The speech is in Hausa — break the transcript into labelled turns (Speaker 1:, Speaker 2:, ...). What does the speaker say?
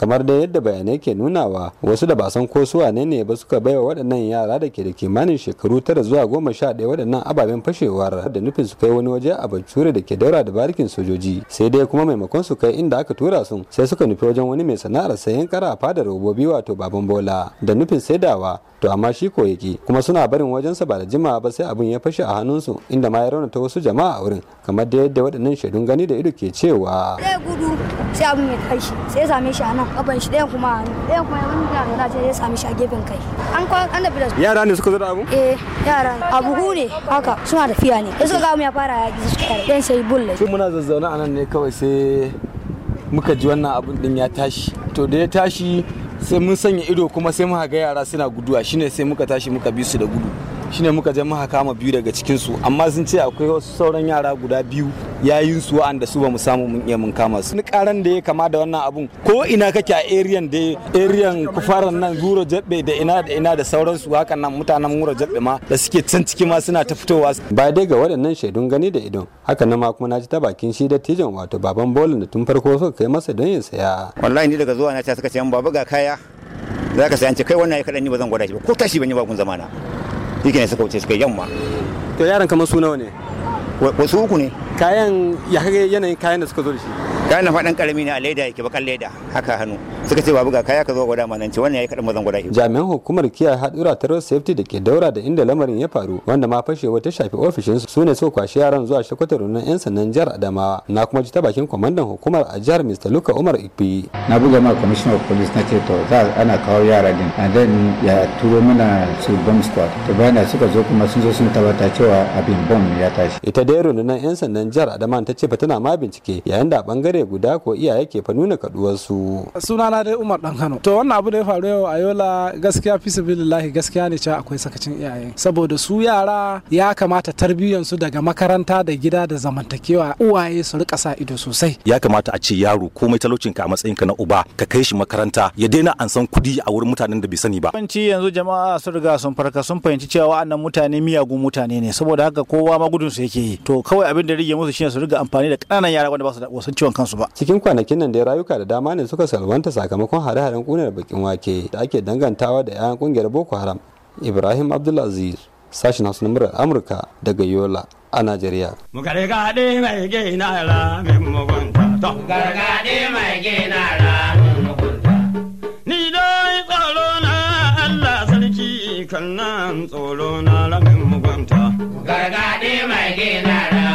Speaker 1: kamar da yadda bayanai ke nunawa wasu da ba san ko su wane ne ba suka baiwa waɗannan yara da ke da kimanin shekaru tara zuwa goma sha ɗaya waɗannan ababen fashewar da nufin su kai wani waje a bature da ke daura da barikin sojoji sai dai kuma maimakon su kai inda aka tura su sai suka nufi wajen wani mai sana'ar sayan kara a fadar robobi wato baban bola da nufin sai saidawa to amma shi ko yaki kuma suna barin wajensa ba da jimawa ba sai abin ya fashe a hannunsu inda ma ya raunata wasu jama'a a wurin kamar da yadda waɗannan shaidun gani da ido ke cewa
Speaker 2: sai abin mai kai shi sai ya same shi a nan
Speaker 1: kafan shi ɗayan kuma a hannu ɗayan kuma wani da na ce ya same shi a gefen kai an kwa an da bidan yara ne suka zo da abu eh yara abu hu ne haka suna da fiya ne sai suka ga mu ya fara yaki suka kare ɗayan
Speaker 3: sai bullet su muna zazzauna a nan ne kawai sai muka ji wannan abin din ya tashi to da ya tashi sai mun sanya ido kuma sai muka ga yara suna guduwa shine sai muka tashi muka bi su da gudu shine muka je muka kama biyu daga cikin su amma sun ce akwai wasu sauran yara guda biyu yayin su wa'anda su bamu samu mun iya mun kama su ni karan da ya kama da wannan abun ko ina kake a eriyan da eriyan kufaran nan zuro jabbe da ina da ina da sauran su hakan nan mutanen mura jabbe ma
Speaker 1: da suke can ciki ma suna ta fitowa ba dai ga waɗannan shaidun gani da idon haka na ma
Speaker 2: kuma na ji ta bakin shi da tijan wato baban bolin da tun farko suka kai masa don yin saya wallahi ni daga zuwa na ta suka ce baba ga kaya za ka ce kai wannan ya kaɗan ni ba zan gwada shi ba ko tashi ban yi bakun zamana shi ne suka wuce suka yamma to yaran kamar su nawa ne wasu uku ne kayan ya kage yanayin kayan da suka zo da shi kayan na faɗin karami ne a leda yake bakan leda haka hannu suka ce babu ga kaya ka zo gwada ma nan ce wannan yayi kadan bazan gwada shi jami'an hukumar kiyaye hadura ta road safety da ke
Speaker 1: daura da inda lamarin ya faru wanda ma fashewa ta shafi ofishin su ne suka kwashi yaran zuwa shakwatar nan yan sannan jihar Adamawa na kuma ji ta bakin kwamandan hukumar a jihar Mr. Luka Umar Ikpi na buga ma commissioner of police na ce to za ana kawo yara din and then ya turo mana su bomb squad to bayan suka zo kuma sun zo sun tabbata cewa abin bomb ya tashi ita dai rundunar yan sannan jihar Adama ta ce fa tana ma bincike yayin da bangare guda ko iyaye ke fa nuna su. Sunana
Speaker 3: dai Umar Dan Kano. To wannan abu da ya faru yau a Yola gaskiya fi sabilillahi gaskiya ne cewa akwai sakacin iyaye saboda su yara ya kamata tarbiyyansu daga makaranta da gida da zamantakewa uwaye su rika sa ido sosai. Ya kamata a ce yaro komai talocin ka a matsayin ka na uba ka kai shi makaranta ya daina an san kudi a wurin mutanen da bai sani ba. Yawanci yanzu jama'a sun riga sun farka sun fahimci cewa wa'annan mutane miyagun mutane ne saboda haka kowa ma gudun su yake yi. To kawai abin da rige musu shine
Speaker 1: su riga amfani da ƙananan yara wanda ba su da wasan ciwon kansu ba cikin kwanakin nan dai rayuka da dama ne suka salwanta sakamakon hare-haren kunar bakin wake da ake dangantawa da 'ya'yan kungiyar boko haram ibrahim abdulaziz sashen hausa na murar amurka daga yola a najeriya
Speaker 3: ni dai tsoro na allah sarki kan
Speaker 2: tsoro na lamin mugunta mai gina